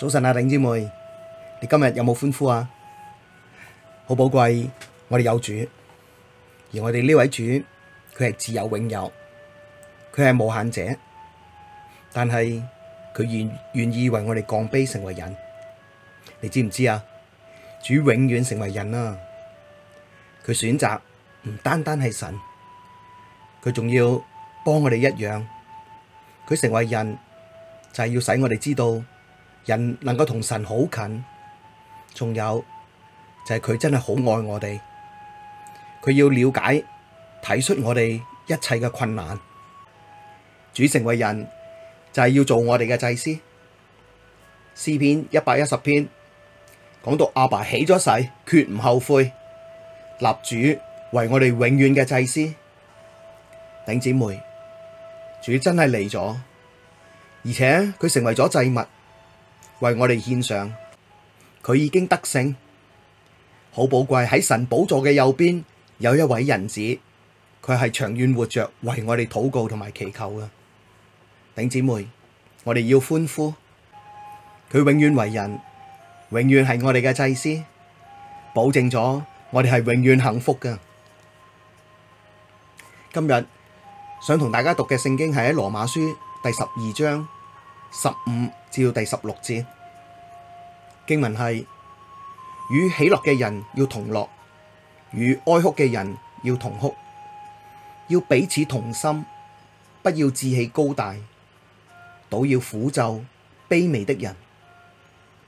早晨啊，頂姐妹，你今日有冇歡呼啊？好寶貴，我哋有主，而我哋呢位主，佢係自有永有，佢係無限者，但係佢願願意為我哋降卑成為人，你知唔知啊？主永遠成為人啊！佢選擇唔單單係神，佢仲要幫我哋一樣，佢成為人就係要使我哋知道。人能夠同神好近，仲有就係、是、佢真係好愛我哋，佢要了解睇出我哋一切嘅困難。主成為人就係、是、要做我哋嘅祭司。詩篇一百一十篇講到阿爸起咗誓，決唔後悔。立主為我哋永遠嘅祭司。弟兄姊妹，主真係嚟咗，而且佢成為咗祭物。為我哋獻上，佢已經得勝，好寶貴。喺神寶座嘅右邊有一位人子，佢係長遠活着為我哋禱告同埋祈求嘅。頂姊妹，我哋要歡呼，佢永遠為人，永遠係我哋嘅祭司，保證咗我哋係永遠幸福嘅。今日想同大家讀嘅聖經係喺羅馬書第十二章十五至到第十六節。經文係與喜樂嘅人要同樂，與哀哭嘅人要同哭，要彼此同心，不要志氣高大，倒要俯就卑微的人，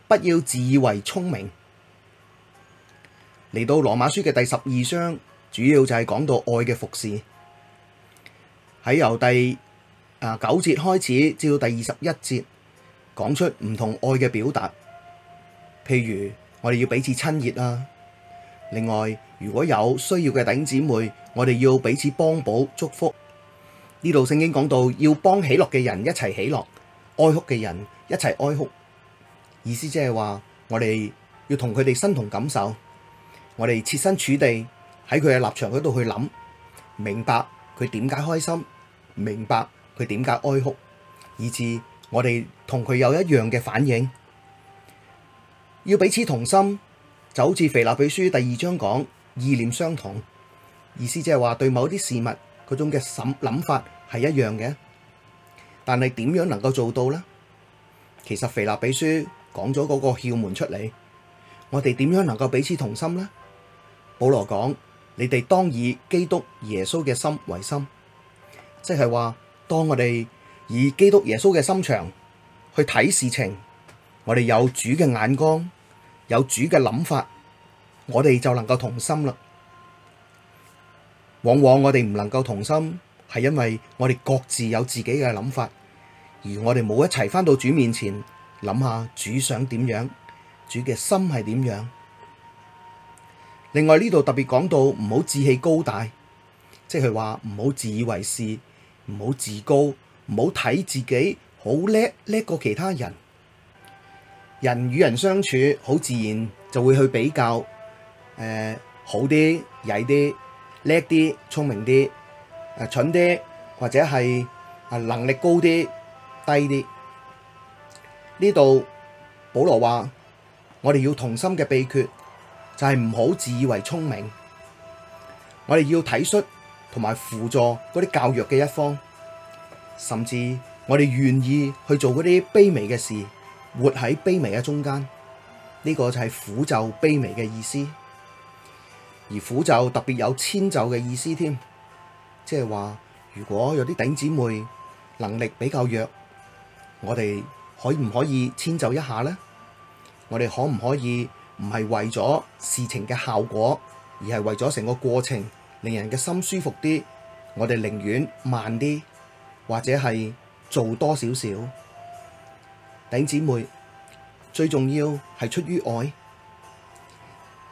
不要自以為聰明。嚟到羅馬書嘅第十二章，主要就係講到愛嘅服侍，喺由第九節開始至到第二十一節，講出唔同愛嘅表達。譬如我哋要彼此親熱啊！另外，如果有需要嘅弟兄姊妹，我哋要彼此幫補祝福。呢度聖經講到要幫喜樂嘅人一齊喜樂，哀哭嘅人一齊哀哭。意思即係話我哋要同佢哋身同感受，我哋設身處地喺佢嘅立場嗰度去諗，明白佢點解開心，明白佢點解哀哭，以致我哋同佢有一樣嘅反應。要彼此同心，就好似《腓立比書》第二章講意念相同，意思即係話對某啲事物嗰種嘅諗諗法係一樣嘅。但係點樣能夠做到呢？其實《腓立比書》講咗嗰個竅門出嚟，我哋點樣能夠彼此同心呢？保羅講：你哋當以基督耶穌嘅心為心，即係話當我哋以基督耶穌嘅心腸去睇事情。我哋有主嘅眼光，有主嘅諗法，我哋就能夠同心啦。往往我哋唔能夠同心，係因為我哋各自有自己嘅諗法，而我哋冇一齊返到主面前，諗下主想點樣，主嘅心係點樣。另外，呢度特別講到唔好志氣高大，即係話唔好自以為是，唔好自高，唔好睇自己好叻叻過其他人。人與人相處好自然就會去比較，誒、呃，好啲、曳啲、叻啲、聰明啲，誒，蠢啲，或者係誒能力高啲、低啲。呢度保羅話：我哋要同心嘅秘訣就係唔好自以為聰明，我哋要體恤同埋輔助嗰啲較弱嘅一方，甚至我哋願意去做嗰啲卑微嘅事。活喺卑微嘅中間，呢、這個就係俯就卑微嘅意思，而俯就特別有遷就嘅意思添，即係話如果有啲頂姊妹能力比較弱，我哋可唔可以遷就一下呢？我哋可唔可以唔係為咗事情嘅效果，而係為咗成個過程，令人嘅心舒服啲？我哋寧願慢啲，或者係做多少少。頂姊妹，最重要係出於愛。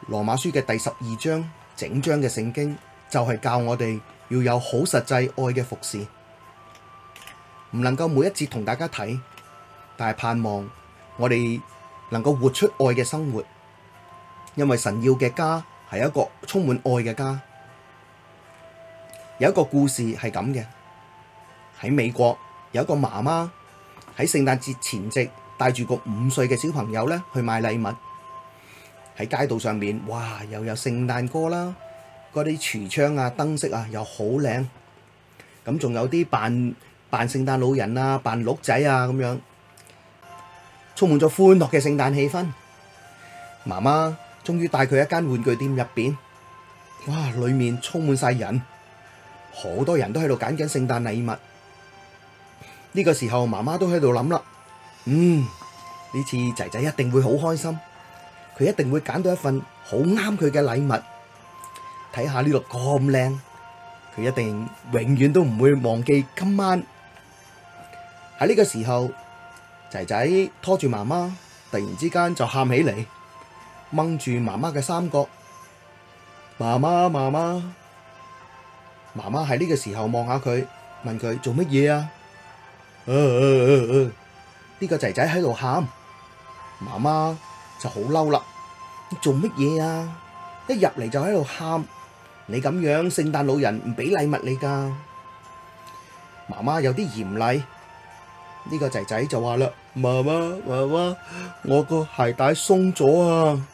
羅馬書嘅第十二章，整章嘅聖經就係教我哋要有好實際愛嘅服侍，唔能夠每一節同大家睇，但係盼望我哋能夠活出愛嘅生活，因為神要嘅家係一個充滿愛嘅家。有一個故事係咁嘅，喺美國有一個媽媽。喺聖誕節前夕，帶住個五歲嘅小朋友咧去買禮物。喺街道上面，哇，又有聖誕歌啦，嗰啲櫥窗啊、燈飾啊，又好靚。咁、嗯、仲有啲扮扮聖誕老人啊、扮鹿仔啊咁樣，充滿咗歡樂嘅聖誕氣氛。媽媽終於帶佢喺一間玩具店入邊，哇，裏面充滿晒人，好多人都喺度揀緊聖誕禮物。呢個時候，媽媽都喺度諗啦。嗯，呢次仔仔一定會好開心，佢一定會揀到一份好啱佢嘅禮物。睇下呢個咁靚，佢一定永遠都唔會忘記今晚。喺呢個時候，仔仔拖住媽媽，突然之間就喊起嚟，掹住媽媽嘅三角。媽媽，媽媽，媽媽喺呢個時候望下佢，問佢做乜嘢啊？啊啊啊啊呢個仔仔喺度喊，媽媽就好嬲啦！你做乜嘢啊？一入嚟就喺度喊，你咁樣聖誕老人唔俾禮物你噶。媽媽有啲嚴厲，呢個仔仔就話啦：媽媽，媽媽，我個鞋帶鬆咗啊！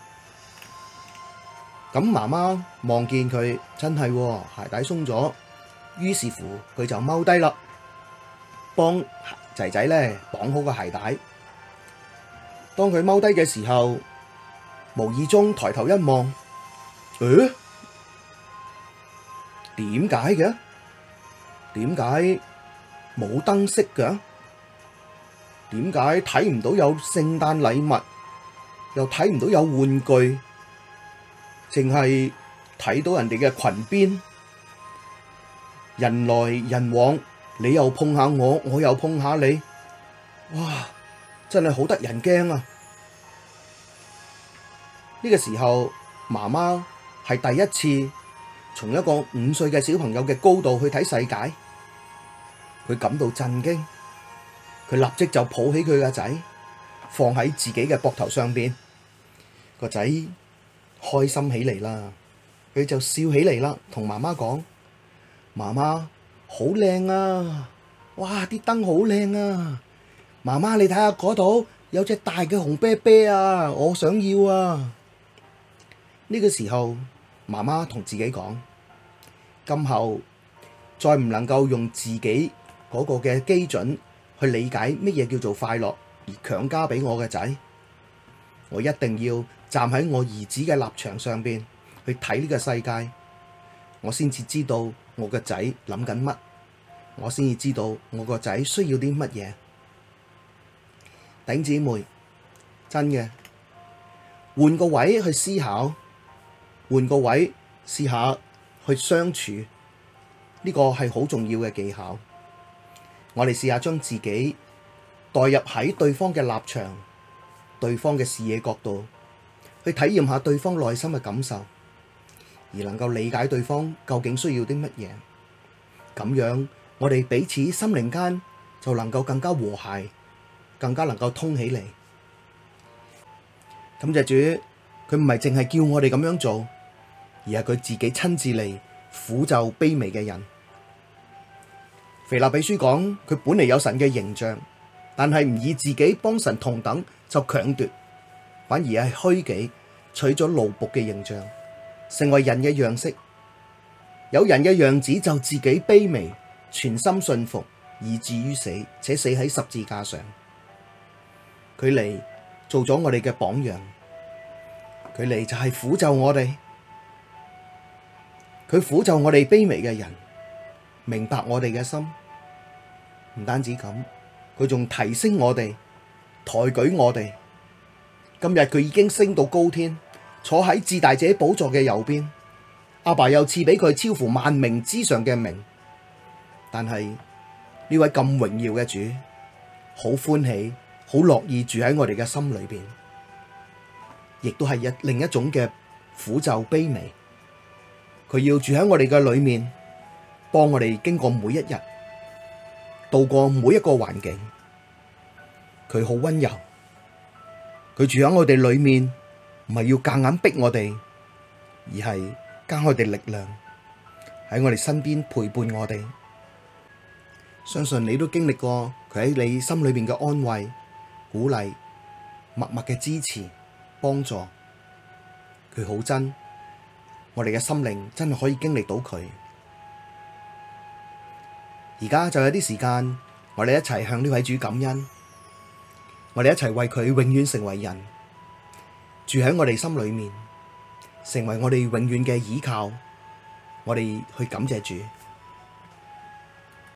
咁媽媽望見佢真係喎，鞋帶鬆咗，於是乎佢就踎低啦。幫仔仔咧，綁好個鞋帶。當佢踎低嘅時候，無意中抬頭一望，誒，點解嘅？點解冇燈飾嘅？點解睇唔到有聖誕禮物，又睇唔到有玩具，淨係睇到人哋嘅裙邊，人來人往。你又碰下我，我又碰下你，哇！真係好得人驚啊！呢個時候，媽媽係第一次從一個五歲嘅小朋友嘅高度去睇世界，佢感到震驚，佢立即就抱起佢嘅仔，放喺自己嘅膊頭上邊，個仔開心起嚟啦，佢就笑起嚟啦，同媽媽講：媽媽。好靚啊！哇，啲燈好靚啊！媽媽，你睇下嗰度有隻大嘅紅啤啤啊！我想要啊！呢個時候，媽媽同自己講：今後再唔能夠用自己嗰個嘅基準去理解乜嘢叫做快樂，而強加俾我嘅仔。我一定要站喺我兒子嘅立場上面去睇呢個世界，我先至知道，我個仔諗緊乜，我先至知道我個仔需要啲乜嘢。頂姐妹，真嘅，換個位去思考，換個位試下去相處，呢個係好重要嘅技巧。我哋試下將自己代入喺對方嘅立場、對方嘅視野角度，去體驗下對方內心嘅感受。而能夠理解對方究竟需要啲乜嘢，咁樣我哋彼此心靈間就能夠更加和諧，更加能夠通起嚟。感謝主，佢唔係淨係叫我哋咁樣做，而係佢自己親自嚟俯就卑微嘅人。腓立比書講佢本嚟有神嘅形象，但係唔以自己幫神同等就強奪，反而係虛己取咗奴僕嘅形象，成為人嘅樣式，有人嘅樣子就自己卑微，全心信服，以至於死，且死喺十字架上。佢嚟做咗我哋嘅榜樣，佢嚟就係俯就我哋，佢俯就我哋卑微嘅人，明白我哋嘅心。唔單止咁，佢仲提升我哋，抬舉我哋。今日佢已經升到高天。坐喺至大者寶座嘅右邊，阿爸又賜俾佢超乎萬名之上嘅名。但係呢位咁榮耀嘅主，好歡喜，好樂意住喺我哋嘅心裏邊，亦都係一另一種嘅俯就卑微。佢要住喺我哋嘅裏面，幫我哋經過每一日，度過每一個環境。佢好溫柔，佢住喺我哋裏面。唔係要夾硬逼我哋，而係加開啲力量喺我哋身邊陪伴我哋。相信你都經歷過佢喺你心裏面嘅安慰、鼓勵、默默嘅支持、幫助。佢好真，我哋嘅心靈真係可以經歷到佢。而家就有啲時間，我哋一齊向呢位主感恩，我哋一齊為佢永遠成為人，住喺我哋心裏面，成為我哋永遠嘅依靠，我哋去感謝主。